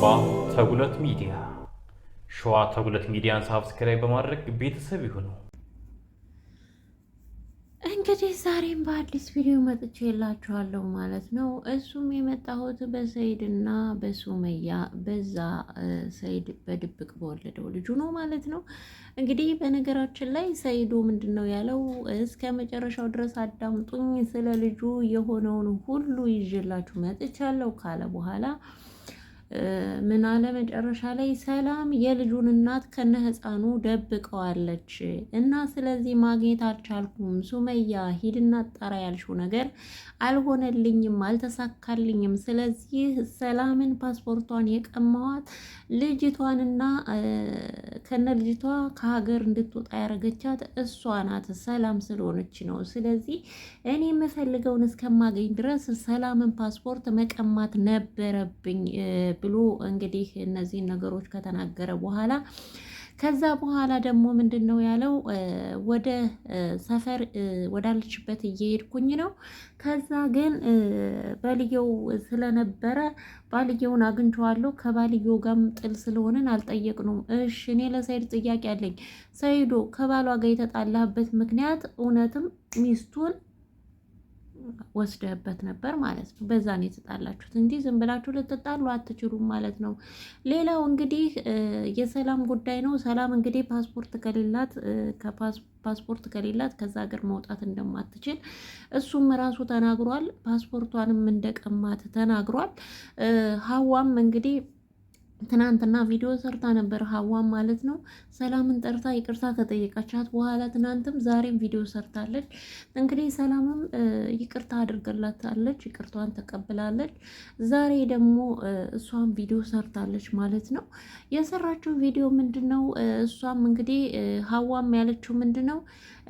አባ ተጉለት ሚዲያ ሸዋ ተጉለት ሚዲያን ሳብስክራይብ በማድረግ ቤተሰብ ይሁኑ። እንግዲህ ዛሬም በአዲስ ቪዲዮ መጥቼ የላችኋለሁ ማለት ነው። እሱም የመጣሁት በሰይድና በሱመያ በዛ ሰይድ በድብቅ በወለደው ልጁ ነው ማለት ነው። እንግዲህ በነገራችን ላይ ሰይዱ ምንድን ነው ያለው፣ እስከ መጨረሻው ድረስ አዳምጡኝ፣ ስለ ልጁ የሆነውን ሁሉ ይዤላችሁ መጥቻለሁ ካለ በኋላ ምን አለ መጨረሻ ላይ ሰላም የልጁን እናት ከነ ህፃኑ ደብቀዋለች እና ስለዚህ ማግኘት አልቻልኩም። ሱመያ ሂድና ጣራ ያልሽው ነገር አልሆነልኝም፣ አልተሳካልኝም። ስለዚህ ሰላምን ፓስፖርቷን የቀማዋት ልጅቷንና ከነ ልጅቷ ከሀገር እንድትወጣ ያደረገቻት እሷ ናት፣ ሰላም ስለሆነች ነው። ስለዚህ እኔ የምፈልገውን እስከማገኝ ድረስ ሰላምን ፓስፖርት መቀማት ነበረብኝ። ብሎ እንግዲህ እነዚህን ነገሮች ከተናገረ በኋላ ከዛ በኋላ ደግሞ ምንድን ነው ያለው? ወደ ሰፈር ወዳለችበት እየሄድኩኝ ነው። ከዛ ግን ባልየው ስለነበረ ባልየውን አግኝቼዋለሁ። ከባልየው ጋርም ጥል ስለሆነን አልጠየቅነውም። እሽ፣ እኔ ለሰይድ ጥያቄ አለኝ። ሰይዶ ከባሏ ጋር የተጣላህበት ምክንያት እውነትም ሚስቱን ወስደህበት ነበር ማለት ነው። በዛ ነው የተጣላችሁት እንጂ ዝም ብላችሁ ልትጣሉ አትችሉም ማለት ነው። ሌላው እንግዲህ የሰላም ጉዳይ ነው። ሰላም እንግዲህ ፓስፖርት ከሌላት ፓስፖርት ከሌላት ከዛ ሀገር መውጣት እንደማትችል እሱም ራሱ ተናግሯል። ፓስፖርቷንም እንደቀማት ተናግሯል። ሀዋም እንግዲህ ትናንትና ቪዲዮ ሰርታ ነበር ሀዋን ማለት ነው። ሰላምን ጠርታ ይቅርታ ከጠየቃቻት በኋላ ትናንትም ዛሬም ቪዲዮ ሰርታለች። እንግዲህ ሰላምም ይቅርታ አድርገላታለች፣ ይቅርቷን ተቀብላለች። ዛሬ ደግሞ እሷም ቪዲዮ ሰርታለች ማለት ነው። የሰራችው ቪዲዮ ምንድን ነው? እሷም እንግዲህ ሀዋም ያለችው ምንድን ነው?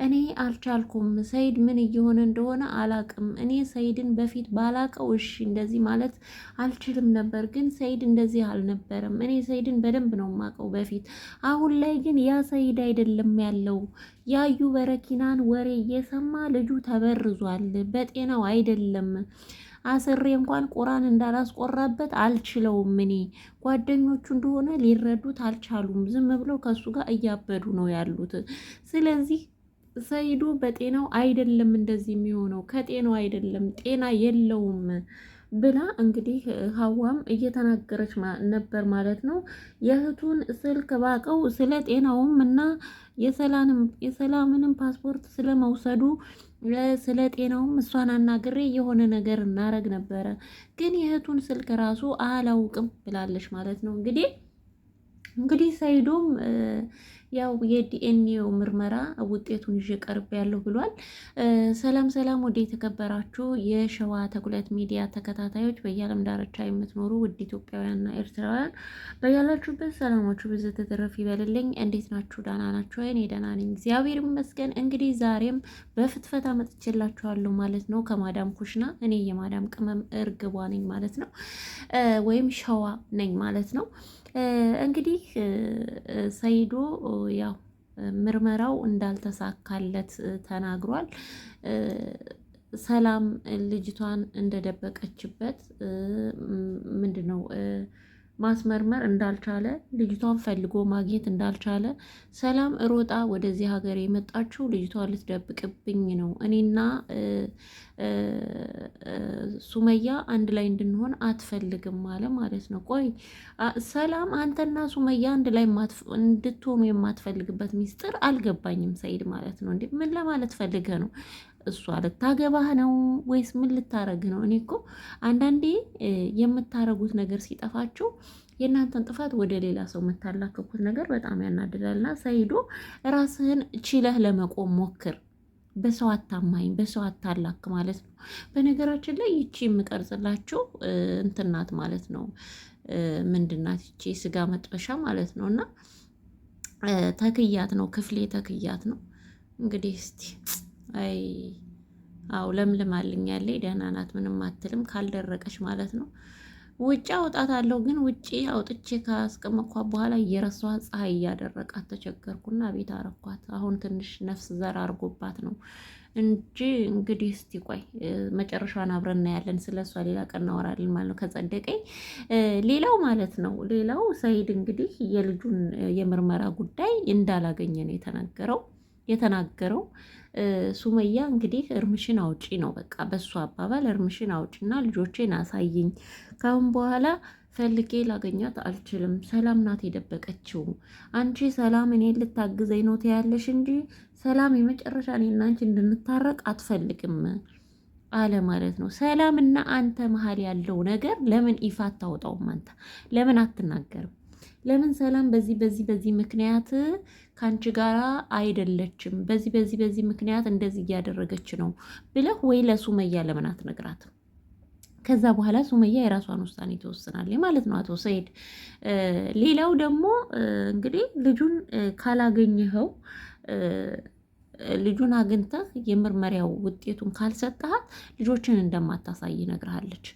እኔ አልቻልኩም፣ ሰይድ ምን እየሆነ እንደሆነ አላቅም። እኔ ሰይድን በፊት ባላቀው እሺ እንደዚህ ማለት አልችልም ነበር፣ ግን ሰይድ እንደዚህ አልነበር አልነበረም። እኔ ሰይድን በደንብ ነው የማውቀው በፊት። አሁን ላይ ግን ያ ሰይድ አይደለም ያለው። ያዩ በረኪናን ወሬ እየሰማ ልጁ ተበርዟል። በጤናው አይደለም። አስሬ እንኳን ቁራን እንዳላስቆራበት አልችለውም። እኔ ጓደኞቹ እንደሆነ ሊረዱት አልቻሉም። ዝም ብለው ከሱ ጋር እያበዱ ነው ያሉት። ስለዚህ ሰይዱ በጤናው አይደለም እንደዚህ የሚሆነው ከጤናው አይደለም፣ ጤና የለውም። ብላ እንግዲህ ሀዋም እየተናገረች ነበር ማለት ነው። የእህቱን ስልክ ባቀው ስለ ጤናውም እና የሰላምንም ፓስፖርት ስለመውሰዱ ስለ ጤናውም እሷን አናግሬ የሆነ ነገር እናረግ ነበረ፣ ግን የእህቱን ስልክ ራሱ አላውቅም ብላለች ማለት ነው። እንግዲህ እንግዲህ ሰይዶም ያው የዲኤንኤው ምርመራ ውጤቱን ይዤ ቀርብ ያለሁ ብሏል። ሰላም ሰላም፣ ወደ የተከበራችሁ የሸዋ ተጉለት ሚዲያ ተከታታዮች በየዓለም ዳርቻ የምትኖሩ ውድ ኢትዮጵያውያንና ኤርትራውያን በያላችሁበት ሰላማችሁ ብዙ ተተረፍ ይበልልኝ። እንዴት ናችሁ? ዳና ናችሁ? እኔ ደህና ነኝ እግዚአብሔር ይመስገን። እንግዲህ ዛሬም በፍትፈታ መጥቼላችኋለሁ ማለት ነው ከማዳም ኩሽና። እኔ የማዳም ቅመም እርግቧ ነኝ ማለት ነው ወይም ሸዋ ነኝ ማለት ነው። እንግዲህ ሰይዶ ያው ምርመራው እንዳልተሳካለት ተናግሯል። ሰላም ልጅቷን እንደደበቀችበት ምንድን ነው ማስመርመር እንዳልቻለ ልጅቷን ፈልጎ ማግኘት እንዳልቻለ ሰላም ሮጣ ወደዚህ ሀገር የመጣችው ልጅቷን ልትደብቅብኝ ነው። እኔና ሱመያ አንድ ላይ እንድንሆን አትፈልግም አለ ማለት ነው። ቆይ ሰላም፣ አንተና ሱመያ አንድ ላይ እንድትሆኑ የማትፈልግበት ሚስጥር አልገባኝም ሰይድ ማለት ነው። እንዴ ምን ለማለት ፈልገ ነው? እሷ ልታገባህ ነው ወይስ ምን ልታረግ ነው? እኔ እኮ አንዳንዴ የምታረጉት ነገር ሲጠፋችሁ የእናንተን ጥፋት ወደ ሌላ ሰው የምታላክኩት ነገር በጣም ያናድዳልና ሰይዶ ራስህን ችለህ ለመቆም ሞክር። በሰው አታማኝ፣ በሰው አታላክ ማለት ነው። በነገራችን ላይ ይቺ የምቀርጽላችሁ እንትናት ማለት ነው። ምንድናት ይቺ ስጋ መጥበሻ ማለት ነው። እና ተክያት ነው ክፍሌ ተክያት ነው እንግዲህ እስቲ አይ አው ለምልም አልኝ ያለ ደህና ናት፣ ምንም አትልም ካልደረቀች ማለት ነው። ውጭ አለው ግን ውጭ አውጥቼ ካስቀመጥኳ በኋላ እየረሷት ፀሐይ እያደረቃት ተቸገርኩና ቤት አረኳት። አሁን ትንሽ ነፍስ ዘር አድርጎባት ነው እንጂ እንግዲህ እስቲ ቆይ መጨረሻዋን አብረን እናያለን። ስለ እሷ ሌላ ቀን እናወራለን ማለት ነው ከጸደቀኝ። ሌላው ማለት ነው ሌላው ሰይድ እንግዲህ የልጁን የምርመራ ጉዳይ እንዳላገኘ ነው የተናገረው። የተናገረው። ሱመያ እንግዲህ እርምሽን አውጪ ነው በቃ በሱ አባባል እርምሽን አውጪና ልጆቼን አሳይኝ። ካሁን በኋላ ፈልጌ ላገኛት አልችልም። ሰላም ናት የደበቀችው። አንቺ ሰላም እኔን ልታግዘኝ ነው ትያለሽ እንጂ ሰላም የመጨረሻ እኔና አንቺ እንድንታረቅ አትፈልግም አለ ማለት ነው። ሰላም እና አንተ መሀል ያለው ነገር ለምን ይፋ አታወጣውም? አንተ ለምን አትናገርም? ለምን ሰላም በዚህ በዚህ በዚህ ምክንያት ከአንቺ ጋር አይደለችም፣ በዚህ በዚህ በዚህ ምክንያት እንደዚህ እያደረገች ነው ብለህ ወይ ለሱመያ ለምን አትነግራትም? ከዛ በኋላ ሱመያ የራሷን ውሳኔ ትወስናለች ማለት ነው። አቶ ሰይድ፣ ሌላው ደግሞ እንግዲህ ልጁን ካላገኘኸው ልጁን አግኝተህ የምርመሪያው ውጤቱን ካልሰጠሃት ልጆችን እንደማታሳይ ነግርሃለች።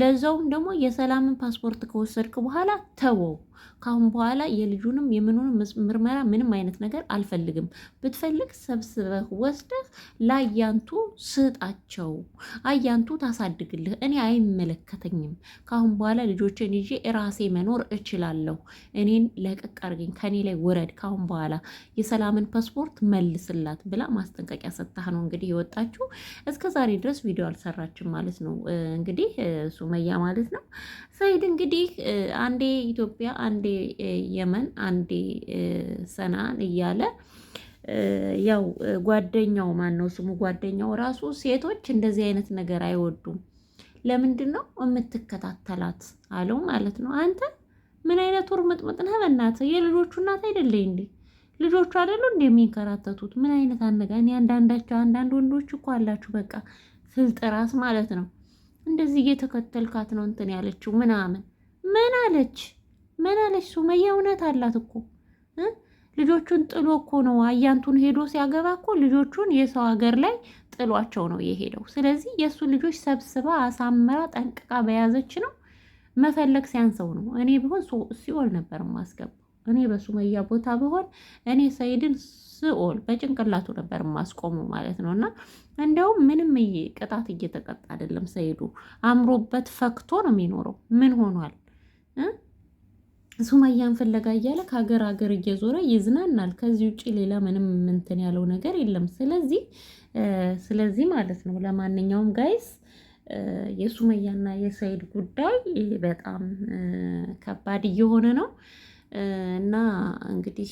ለዛውም ደግሞ የሰላምን ፓስፖርት ከወሰድክ በኋላ ተወው፣ ካሁን በኋላ የልጁንም የምኑንም ምርመራ ምንም አይነት ነገር አልፈልግም። ብትፈልግ ሰብስበህ ወስደህ ለአያንቱ ስጣቸው፣ አያንቱ ታሳድግልህ። እኔ አይመለከተኝም። ካሁን በኋላ ልጆችን ይዤ ራሴ መኖር እችላለሁ። እኔን ለቀቅ አድርገኝ፣ ከኔ ላይ ውረድ። ካሁን በኋላ የሰላምን ፓስፖርት መልስላት አላት ብላ ማስጠንቀቂያ ሰጥታህ ነው እንግዲህ የወጣችሁ። እስከ ዛሬ ድረስ ቪዲዮ አልሰራችም ማለት ነው እንግዲህ ሱመያ ማለት ነው። ሰይድ እንግዲህ አንዴ ኢትዮጵያ፣ አንዴ የመን፣ አንዴ ሰናን እያለ ያው ጓደኛው ማን ነው ስሙ? ጓደኛው ራሱ ሴቶች እንደዚህ አይነት ነገር አይወዱም። ለምንድን ነው የምትከታተላት አለው ማለት ነው። አንተ ምን አይነት ወርምጥምጥ ነህ? በእናትህ የልጆቹ እናት አይደለኝ እንዴ? ልጆቹ አይደሉ የሚንከራተቱት ምን አይነት አነጋን አንዳንዳቸው አንዳንድ ወንዶች እኮ አላችሁ በቃ ፍልጥራስ ማለት ነው። እንደዚህ እየተከተልካት ነው እንትን ያለችው ምናምን ምን አለች ምን አለች? ሱመያ እውነት አላት እኮ ልጆቹን ጥሎ እኮ ነው አያንቱን ሄዶ ሲያገባ እኮ ልጆቹን የሰው ሀገር ላይ ጥሏቸው ነው የሄደው። ስለዚህ የእሱ ልጆች ሰብስባ አሳምራ ጠንቅቃ በያዘች ነው መፈለግ ሲያንሰው ነው። እኔ ቢሆን ሲኦል ነበር ማስገባ እኔ በሱመያ ቦታ ብሆን እኔ ሰይድን ስኦል በጭንቅላቱ ነበር ማስቆሙ ማለት ነው። እና እንደውም ምንም ቅጣት እየተቀጣ አይደለም። ሰይዱ አምሮበት ፈክቶ ነው የሚኖረው። ምን ሆኗል? ሱመያን ፍለጋ እያለ ከሀገር ሀገር እየዞረ ይዝናናል። ከዚህ ውጭ ሌላ ምንም ምንትን ያለው ነገር የለም። ስለዚህ ስለዚህ ማለት ነው ለማንኛውም ጋይስ የሱመያና የሰይድ ጉዳይ በጣም ከባድ እየሆነ ነው። እና እንግዲህ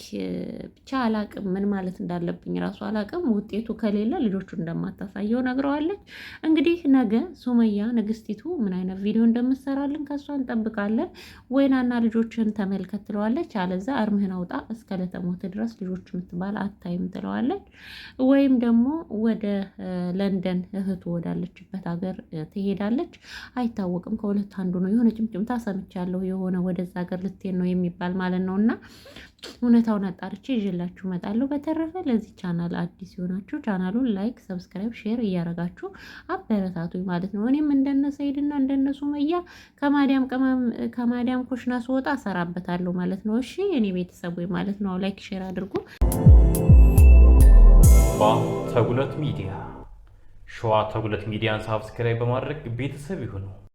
ብቻ አላቅም ምን ማለት እንዳለብኝ ራሱ አላቅም። ውጤቱ ከሌለ ልጆቹ እንደማታሳየው ነግረዋለች። እንግዲህ ነገ ሱመያ ንግስቲቱ ምን አይነት ቪዲዮ እንደምትሰራልን ከእሷ እንጠብቃለን። ወይናና ልጆችን ተመልከት ትለዋለች። አለዛ አርምህን አውጣ እስከ ለተሞት ድረስ ልጆች የምትባል አታይም ትለዋለች። ወይም ደግሞ ወደ ለንደን እህቱ ወዳለችበት ሀገር ትሄዳለች። አይታወቅም። ከሁለት አንዱ ነው። የሆነ ጭምጭምታ ሰምቻለሁ። የሆነ ወደዛ ሀገር ልትሄድ ነው የሚባል ማለት ማለት ነው። እና እውነታውን አጣርቼ ይዤላችሁ እመጣለሁ። በተረፈ ለዚህ ቻናል አዲስ የሆናችሁ ቻናሉን ላይክ፣ ሰብስክራይብ፣ ሼር እያረጋችሁ አበረታቱኝ ማለት ነው። እኔም እንደነ ሰይድና እንደነ ሱመያ ከማዲያም ኮሽና ስወጣ እሰራበታለሁ ማለት ነው። እሺ እኔ ቤተሰቡ ማለት ነው። ላይክ ሼር አድርጉ። ተጉለት ሚዲያ ሸዋ ተጉለት ሚዲያን ሳብስክራይብ በማድረግ ቤተሰብ ይሁኑ።